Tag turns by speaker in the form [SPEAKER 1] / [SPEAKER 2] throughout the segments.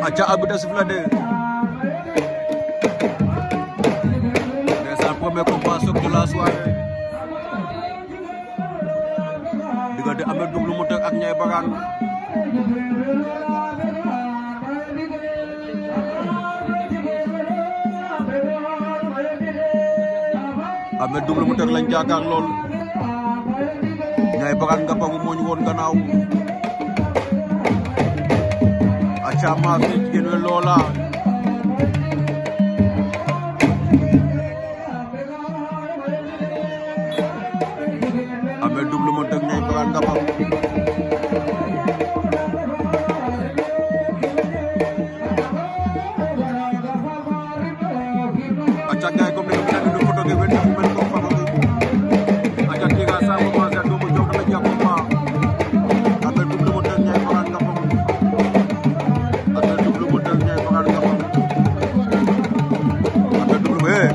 [SPEAKER 1] Ajaab de Soufladé Dia premier combat choc de la soirée diggante Ameth Double Moteur ak Ndiaye Barane Ameth Double Moteur lañ jàkkaar lool Ndiaye Barane nga pagu aca maafin gen we loola ame dublu mo deg ne bagan gafa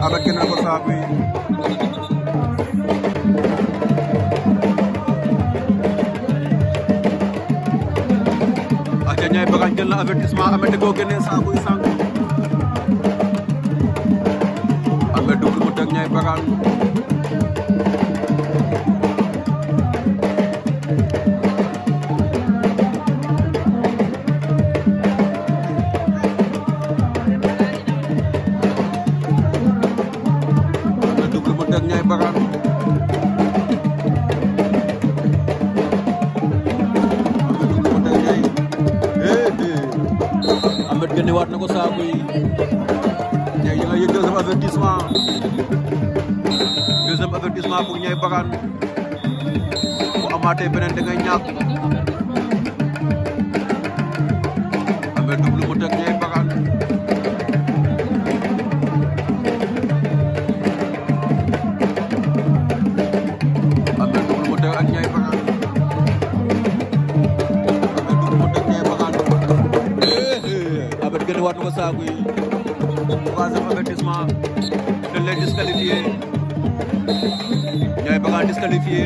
[SPEAKER 1] avec Guinée Bissau bi aca ñay bagan jël na avertissement amete ko génne saakuy ame dugg mu teg ñay bagan ñay bagaan Moutaw Ndiaye Ameth génne waat na ko saaku yi ñay ya nga yëg deuxième avertissement deuxième avertissement pour ñay bagaan bu amaatee beneen da ngay ñàkk war na ko saaku yi Ukaasa avertissement dañ leen disqualifié Ndiaye Banga disqualifié